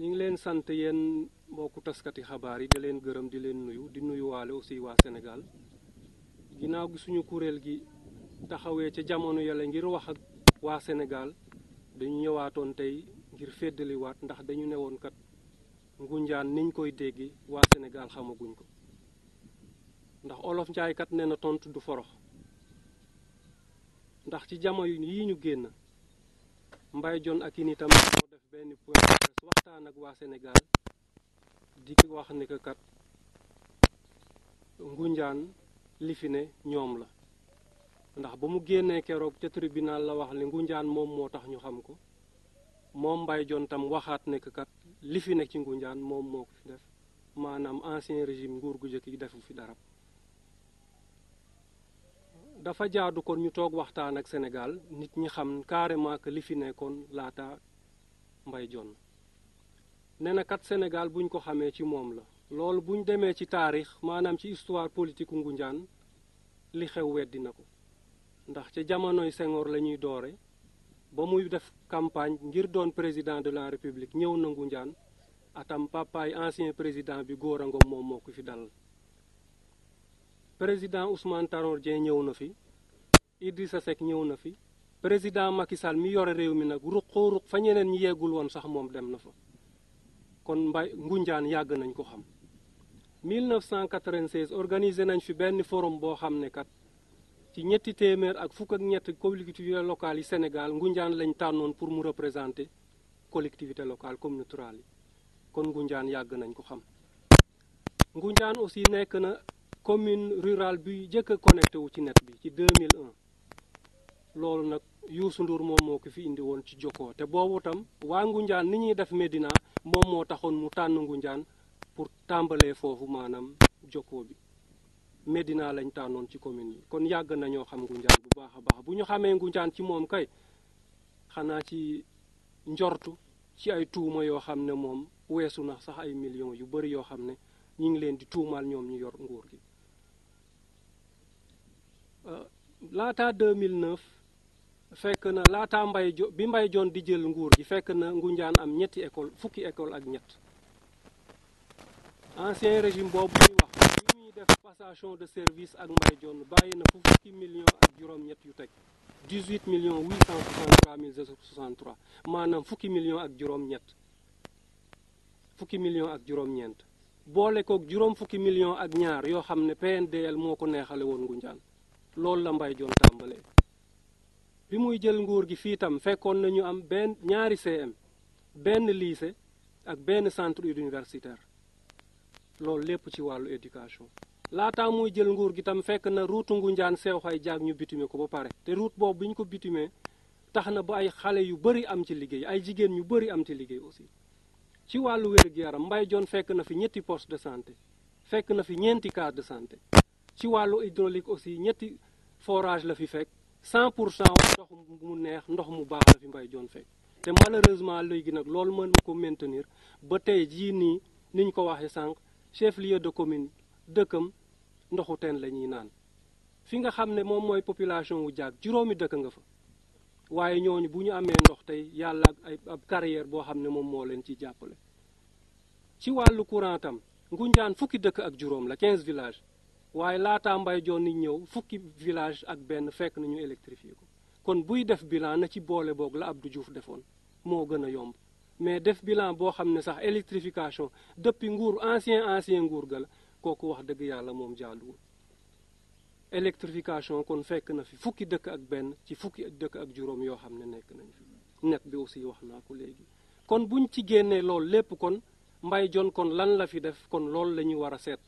ñu ngi leen sant yéen mbokku taskati xabaar yi di leen gërëm di leen nuyu di nuyuwaale aussi waa Sénégal ginnaaw gi suñu kuréel gi taxawee ca jamono yàlla ngir wax ak waa Sénégal dañu ñëwaatoon tey ngir féddaliwaat ndax dañu ne woon kat niñ koy déggi waa Sénégal xamaguñ ko ndax olof njaaykat kat na tontu du forox ndax ci jamono yii ñu génn mbay Dione ak i nitam moo def benn point waxtaan waa Sénégal di wax ne que kat li fi ne ñoom la ndax ba mu génnee keroog ca la wax ne moom moo tax ñu xam ko moom Mbay Jon waxaat ne que li fi ne moom moo def maanaam ancien régime nguur gu jëkk yi dara dafa jaadu kon ñu toog waxtaan ak Sénégal nit ñi xam carrément que li fi nekkoon laata Mbay Jon nee na kat Sénégal buñ ko xamee ci moom la. loolu buñ demee ci taarix maanaam ci histoire politique Ngunjaan li xew weddi na ko ndax ca jamonoy Senghor la ñuy doore ba muy def campagne ngir doon président de la république ñëw na Ngunjaan atam papaay ancien président bi Gora Ngom moom moo ko fi dal président Ousmane Tanor Dieng ñëw na fi Idrissa Seck ñëw na fi président Macky Sall mi yore réew mi nag ruq ruq fa ñeneen ñi yeggul woon sax moom dem na fa kon mbay ngunjaan yàgg nañ ko xam 1996 organisé nañ fi benn forum boo xam ne kat ci ñetti téeméer ak fukk ak ñett collectivité locale yi Sénégal ngunjaan lañ tànnoon pour mu représenté collectivité locale communautaire yi kon ngunjaan yàgg nañ ko xam ngunjaan aussi nekk na commune rurale bi jëkk a wu ci net bi ci 2001 loolu nag Youssou Ndour moom moo ko fi indi woon ci jokkoo te boobu tam waa Ngunjaan ni ñuy def Medina moom moo taxoon mu tànn njaan pour tàmbalee foofu maanaam jokkoo bi Medina lañ tànnoon ci commune yi kon yàgg nañoo xam Ngunjaan bu baax a baax bu ñu xamee Ngunjaan ci moom kay xanaa ci njortu ci ay tuuma yoo xam ne moom weesu na sax ay millions yu bëri yoo xam ne ñu ngi leen di tuumaal ñoom ñu yor nguur gi euh, laata 2009 fekk na laata mbay jo bi mbay joon di jël nguur gi fekk na njaan am ñetti école fukki école ak ñett ancien régime boobu ñuy wax bi ñuy def passation de service ak mbay joon bàyyi na fu fukki million ak juróom-ñett yu teg 18 millions 863 mille 63 maanaam fukki million ak juróom-ñett fukki million ak juróom boole kook juróom fukki million ak ñaar yoo xam ne PNDL moo ko neexale woon ngunjaan loolu la mbay joon tàmbalee bi muy jël nguur gi fii itam fekkoon nañu am benn ñaari CM benn lycée ak benn centre universitaire loolu lépp ci wàllu éducation laataa muy jël nguur gi tam fekk na route Ngunjaan Seexay Jaag ñu bitume ko ba pare te route boobu bi ñu ko bitumee tax na ba ay xale yu bëri am ci liggéey ay jigéen ñu bëri am ci liggéey aussi ci wàllu wér-gu-yaram Mbay Joon fekk na fi ñetti poste de santé fekk na fi ñeenti case de santé ci wàllu hydraulique aussi ñetti forage la fi fekk cent pour cent ndox mu neex ndox mu baax la fi mbay Dione fekk te malheureusement léegi nag loolu mën ko maintenir ba tey jii nii ni ñu ko waxee sànq chef lieu de commune dëkkam ndoxu teen la ñuy naan fi nga xam ne moom mooy population wu jaag juróomi dëkk nga fa waaye ñooñu bu ñu amee ndox tey yàlla ak ay ab carrière boo xam ne moom moo leen ci jàppale ci wàllu courant tam Ngunjaan fukki dëkk ak juróom la quinze villages waaye laata mbay joon ni ñëw fukki village ak benn fekk nañu électrifié ko kon buy def bilan na ci boole boog la ab du juuf defoon moo gën a yomb mais def bilan boo xam ne sax électrification depuis nguur ancien ancien nguur ga la kooku wax dëgg yàlla moom jaaduwul électrification kon fekk na fi fukki dëkk ak benn ci fukki dëkk ak juróom yoo xam ne nekk nañ fi net bi aussi wax naa ko léegi kon buñ ci génnee loolu lépp kon mbay jon kon lan la fi def kon loolu la ñu war a seet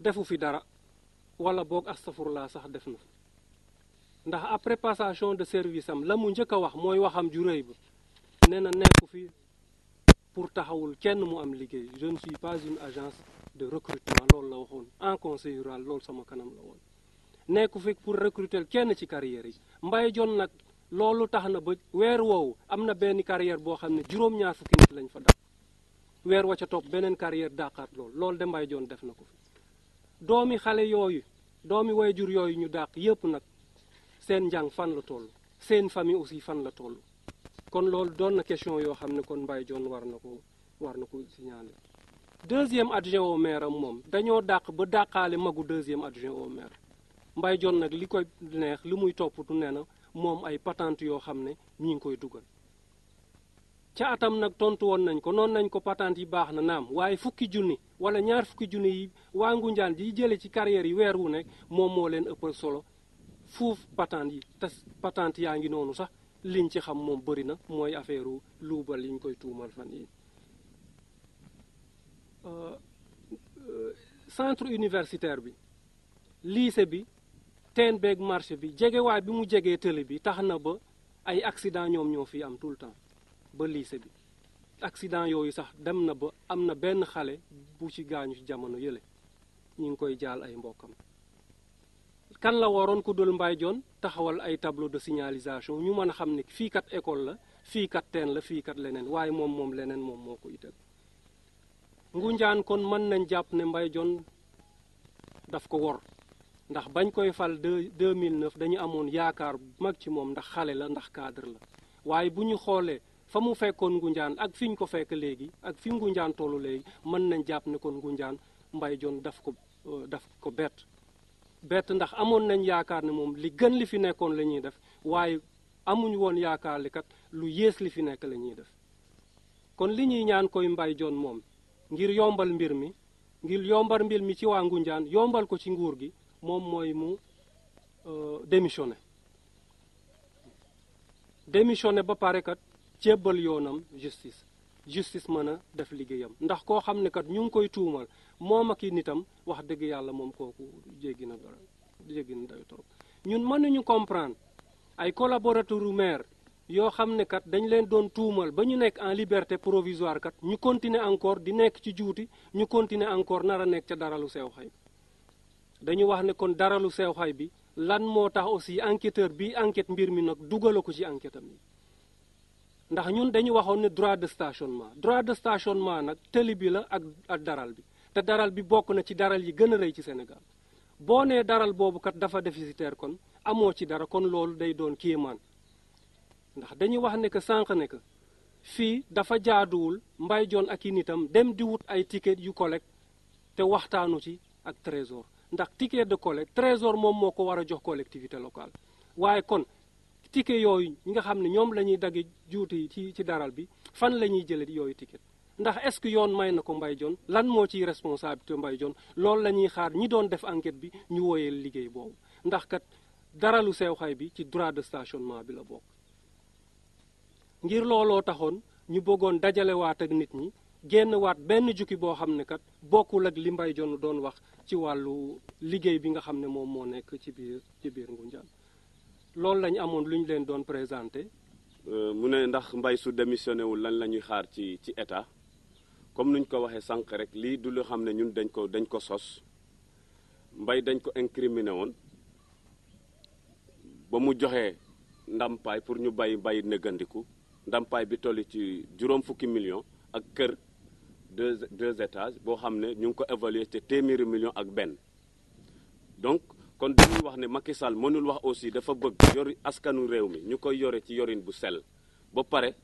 defu fi dara wala boog astafurlaa sax def na ndax après passation de service am la mu njëkk a wax mooy waxam ju rëy ba nee na nekku fi pour taxawul kenn mu am liggéey je ne suis pas une agence de recrutement loolu la waxoon en conseil rural loolu sama kanam la woon nekku fi pour recruter kenn ci carrière yi mbay Dione nag loolu tax na ba weer woowu am na benn carrière boo xam ne juróom-ñaar fukki nit lañ fa dàq weer wa ca topp beneen carrière dàqaat loolu loolu de Mbaye Dione def na ko fi doomi xale yooyu doomi way jur yooyu ñu dàq yépp nag seen njàng fan la toll seen famille aussi fan la toll kon loolu doon na question yoo xam ne kon Mbaye Dione war na ko war na ko signaler deuxième adjoint au maire am moom dañoo dàq ba dàqaale magu deuxième adjoint au maire Mbaye nag li koy neex li muy topp nee na moom ay patente yoo xam ne ñu ngi koy dugal ca atam nag tontu woon nañ ko noonu nañ ko patente yi baax na naam waaye fukki junni wala ñaar fukki junni yi waa Ngunjaan di jële ci carrière yi weer wu nekk moom moo leen ëppal solo fuuf patente yi te patente yaa ngi noonu sax liñ ci xam moom bëri na mooy affaire u luubal liñ koy tuumal fan yi euh, euh, centre universitaire bi lycée bi teen beeg marché bi jegewaay bi mu jegee tëli bi tax na ba ay accident ñoom ñoo fi am tout le temps ba lycée bi accident yooyu sax dem na ba am na benn xale bu ci gaañu ci jamono yële ñu ngi koy jaal ay mbokkam kan la waroon ku dul mbay joon taxawal ay tableau de signalisation ñu mën a xam ne fii kat école la fii kat teen la fii kat leneen waaye moom moom leneen moom moo ko ital ngunjaan kon mën nañ jàpp ne mbay joon daf ko wor ndax bañ koy fal 2009 dañu amoon yaakaar bu mag ci moom ndax xale la ndax cadre la waaye bu ñu xoolee fa mu fekkoon Ngunjaan ak fi ñu ko fekk léegi ak fi Ngunjaan tollu léegi mën nañ jàpp ne kon Ngunjaan Mbaye Dione daf ko euh, daf ko bett bett ndax amoon nañ yaakaar ne moom li gën li fi nekkoon la ñuy def waaye amuñu woon yaakaar li kat lu yées li fi nekk lañuy def kon li ñuy ñaan koy Mbaye Dione moom ngir yombal mbir mi ngir yombal mbir mi ci waa Ngunjaan yombal ko ci nguur gi moom mooy mu démissionné euh, démissionné ba pare kat jébbal yoonam justice justice mën a def liggéeyam ndax koo xam ne kat ñu ngi koy tuumal moom ak i nitam wax dëgg yàlla moom kooku jéggi na dara jéggi na day trop ñun mënuñu comprendre ay collaborateur u maire yoo xam ne kat dañ leen doon tuumal ba ñu nekk en liberté provisoire kat ñu continuer encore di nekk ci juuti ñu continuer encore nar a nekk ca daralu sew xay dañu wax ne kon daralu sew xay bi lan moo tax aussi enquêteur bi enquête mbir mi nag dugala ko ci enquête am ndax ñun dañu waxoon ne droit de stationnement droit de stationnement nag tëli bi la ak ak daral bi te daral bi bokk na ci daral yi gën a rëy ci Sénégal boo nee daral boobu kat dafa déficitaire kon amoo ci dara kon loolu day doon kéemaan ndax dañu wax ne que sànq ne que fii dafa jaaduwul mbay joon ak i nitam dem di wut ay ticket yu collecte te waxtaanu ci ak trésor ndax ticket de collecte trésor moom moo ko war a jox collectivité locale waaye kon ticket yooyu ñi nga xam ne ñoom la ñuy dagg juuti yi ci ci daral bi fan la ñuy jëlee yooyu ticket ndax est-ce que yoon may na ko Mbaye Dione lan moo ciy responsabilité Mbaye loolu la ñuy xaar ñi doon def enquête bi ñu wooyeel liggéey boobu ndax kat daralu Seexaay bi ci droit de stationnement bi la bokk ngir looloo taxoon ñu bëggoon dajalewaat ak nit ñi génn waat benn jukki boo xam ne kat bokkul ak li Mbaye Dione doon wax ci wàllu liggéey bi nga xam ne moom moo nekk ci biir ci biir Ngoundiane loolu lañu amoon lu ñu leen doon présenté. Euh, mu ne ndax mbay su démissionné wul lan la ñuy xaar ci ci état comme nuñ ko waxee sànq rek lii du lu xam ne ñun dañ ko dañ ko sos mbay dañ ko incriminé woon ba mu joxee ndampaay pour ñu bay bay nëggandiku ndampaay bi toll ci juróom fukki million ak kër deux deux étages boo xam ne ñu ngi ko évalué ci téeméeri million ak benn donc kon dañuy wax ne Macky Sall mënul wax aussi dafa bëgg yori askanu réew mi ñu koy yore ci yorin bu sell ba pare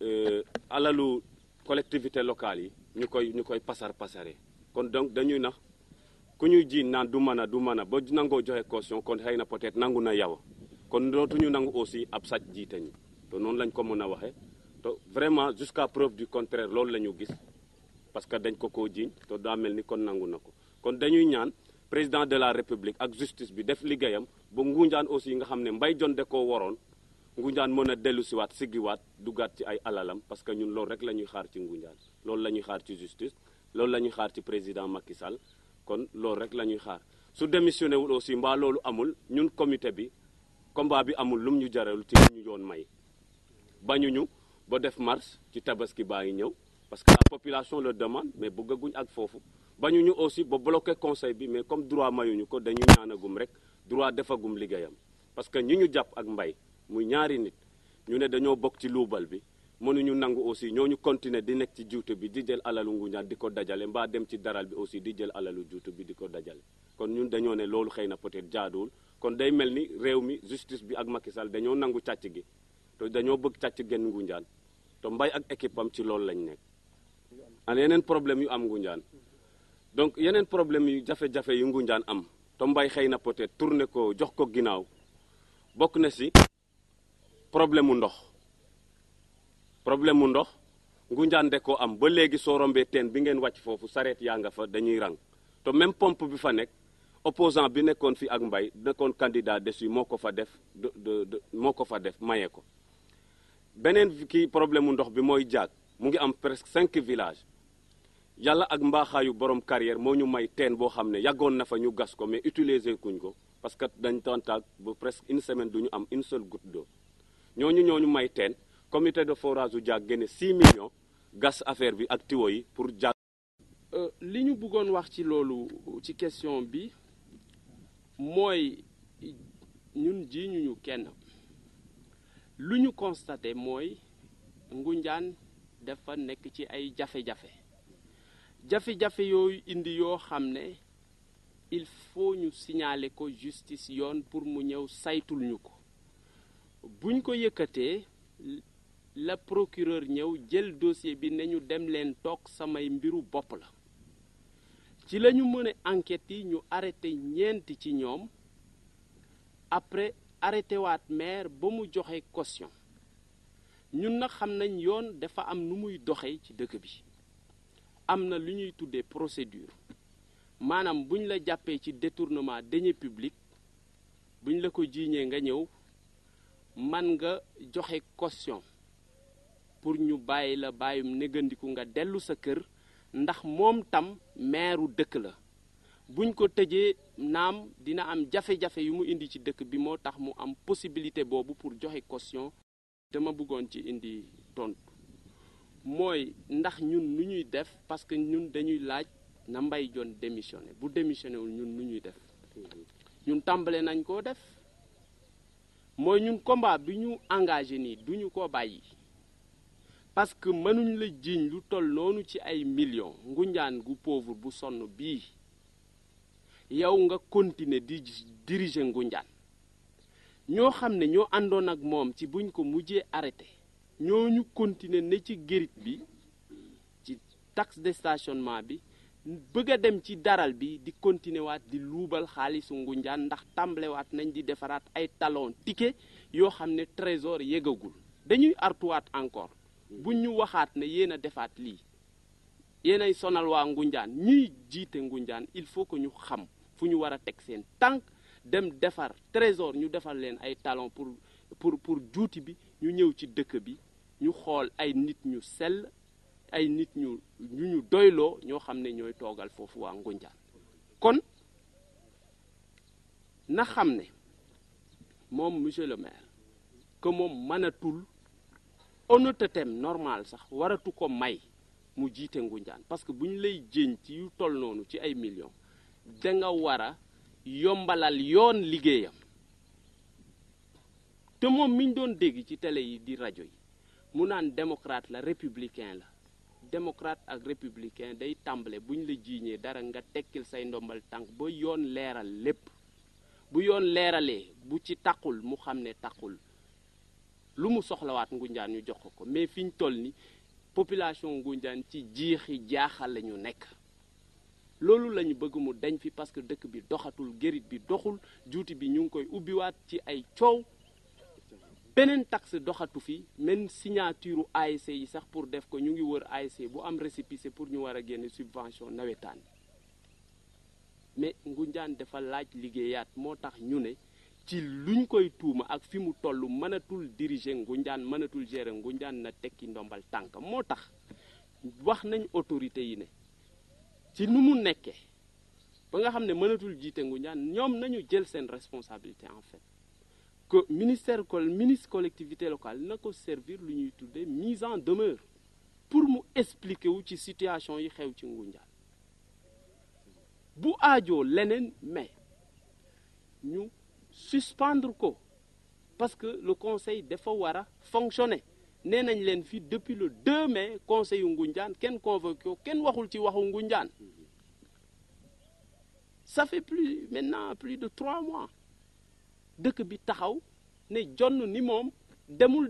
euh, alalu collectivité locale yi ñu koy ñu koy pasar pasare kon donc dañuy nax ku ñuy ji naan du mën a du mën a ba nangoo joxe caution kon xëy na peut-être nangu na yow kon dootuñu nangu aussi ab sàcc jiite ñu te noonu lañ ko mën a waxee te vraiment jusqu'à preuve du contraire loolu la ñu gis parce que dañ ko koo jiiñ te daa mel ni kon nangu na ko kon dañuy ñaan président de la république ak justice bi def liggéeyam ba Ngunjaan aussi nga xam ne mbay Dione de koo waroon Ngunjaan mën a dellu siwaat siggiwaat duggaat ci ay alalam parce que ñun loolu rek la ñuy xaar ci Ngunjaan loolu la ñuy xaar ci justice loolu la xaar ci président Macky Sall kon loolu rek la ñuy xaar su démissionné wul aussi mbaa loolu amul ñun comité bi combat bi amul lum ñu jaral ci ñu yoon may bañuñu ba def marche ci tabaski baa ngi ñëw parce que la population le demande mais bëggaguñ ak foofu bañuñu aussi ba bloqué conseil bi mais comme droit mayuñu ko dañu ñaanagum rek droit defagum liggéeyam parce que ñi ñu jàpp ak mbay muy ñaari nit ñu ne dañoo bokk ci luubal bi mënuñu nangu aussi ñoo ñu continuer di nekk ci juutu bi di jël alalu nguñaan di ko dajale mbaa dem ci daral bi aussi di jël alalu juutu bi di ko dajale kon ñun dañoo ne loolu xëy na peut-être jaaduwul kon day mel ni réew mi justice bi ak Macky dañoo nangu càcc gi te dañoo bëgg càcc genn nguñaan te mbay ak équipe am ci loolu lañ nekk. yeneen problème yu am donc yeneen problème yu jafe-jafe yu Ngoundiane am te Mbaye xëy na peut-être tourné ko jox ko ginnaaw bokk na si problème mu ndox problème mu ndox Ngoundiane de koo am ba léegi soo rombee teen bi ngeen wàcc foofu sareet yaa nga fa dañuy rang te même pompe bi fa nekk opposant bi nekkoon fi ak mbay nekkoon candidat dessus moo ko fa def moo ko fa def maye ko beneen kii problème mu ndox bi mooy jaag mu ngi am presque cinq village yàlla ak mbaaxaayu borom carrière moo ñu may teen boo xam ne yàggoon na fa ñu gas ko mais utiliser kuñ ko parce que dañ tantaag ba presque une semaine duñu ñu am une seule goutte ñooñu ñooñu may teen comité de forage u jaag génne 6 millions gas affaire bi ak tiwo yi pour jaag euh, li ñu buggoon wax ci loolu ci question bi mooy ñun ji ñu kenn lu ñu constaté mooy Ngoundiane dafa nekk ci ay jafe-jafe jafe-jafe yooyu indi yoo xam ne il faut ñu signaler ko justice yoon pour mu ñëw saytul ñu ko buñ ko yëkkatee la procureur ñëw jël dossier bi ne ñu dem leen toog samay mbiru bopp la ci la ñu mën a enquête yi ñu arrêté ñeenti ci ñoom après arrêté waat maire ba mu joxe caution ñun nag xam nañ yoon dafa am nu muy doxee ci dëkk bi am na lu ñuy tuddee procédure maanaam buñ la jàppee ci détournement deniers publics buñ la ko jiiñee nga ñëw man nga joxe caution pour ñu bàyyi la bàyyum négandiku nga dellu sa kër ndax moom tam meeru dëkk la buñ ko tëjee naam dina am jafe-jafe yu mu indi ci dëkk bi moo tax mu am possibilité boobu pour joxe caution dama bëggoon ci indi tontu. mooy ndax ñun lu ñuy def parce que ñun dañuy laaj na Mbaye Dione démissionné bu démissionné wul ñun lu ñuy def mhm. ñun tàmbale nañ koo def mooy ñun combat bi ñu engagé nii duñu ko bàyyi parce que mënuñ la jiiñ lu toll ci ay millions ngunjaan gu pauvre bu sonn bii yow nga continuer di diriger ngunjaan ñoo xam ne ñoo àndoon ak moom ci buñ ko mujjee arrêté ñooñu continuer ne ci gérit bi ci tax de stationnement bi bëgg a dem ci daral bi di continuer waat di luubal xaalisu ngunjaan ndax tambalewaat nañ di defaraat ay talon ticket yoo xam ne trésor yëgagul dañuy artuwaat encore bu ñu waxaat ne yéen a defaat lii yéen ay sonal waa ngunjaan ñuy jiite ngunjaan il faut que ñu xam fu ñu war a teg seen tànk dem defar trésor ñu defar leen ay talon pour pour pour juuti bi ñu ñëw ci dëkk bi ñu xool ay nit ñu sel ay nit ñu ñu ñu doyloo ñoo xam ne ñooy toogal foofu waa Ngunjaan kon na xam ne moom monsieur le maire que moom mënatul honnêtetem normal sax waratu ko may mu jiite Ngunjaan parce que bu ñu lay jéñ ci yu toll noonu ci ay millions da nga war a yombalal yoon liggéeyam te moom miñ doon dégg ci télé yi di rajo yi mu naan démocrate la républicain la démocrate ak républicain day tàmbale bu ñu la jiiñee dara nga tekkil say ndombal tànk ba yoon leeral lépp bu yoon leeralee bu ci taqul mu xam ne taqul lu mu soxlawaat ngunjaan ñu jox ko mais fi ñu toll ni population ngunjaan ci jiixi jaaxal lañu nekk loolu lañu bëgg mu dañ fi parce que dëkk bi doxatul gérit bi doxul juuti bi ñu ngi koy ubbiwaat ci ay coow beneen taxe doxatu fi même signature ASC yi sax pour def ko ñu ngi wër ASC bu am récépissé pour ñu war a génne subvention nawetaan mais Ngoundiane dafa laaj liggéeyaat moo tax ñu ne ci luñ koy tuuma ak fi mu toll mënatul diriger Ngoundiane mënatul gérer Ngoundiane na tekki ndombal tànk moo tax wax nañ autorité yi ne ci nu mu nekkee ba nga xam ne mënatul jiite Ngoundiane ñoom nañu jël seen responsabilité en fait co ministère ministre collectivité locale na ko servir lu ñuy tuddee mise en demeure pour mu expliquer wu ci situation yi xew ci Ngunjaan bu aajoo leneen mais ñu suspendre ko parce que le conseil dafa war a fonctionner nee nañ leen fii depuis le deux mais conseil yu Ngunjaan kenn convoqué ko kenn waxul ci waxu Ngunjaan ça fait plus maintenant plus de trois mois dëkk bi taxaw ne jonn ni moom demul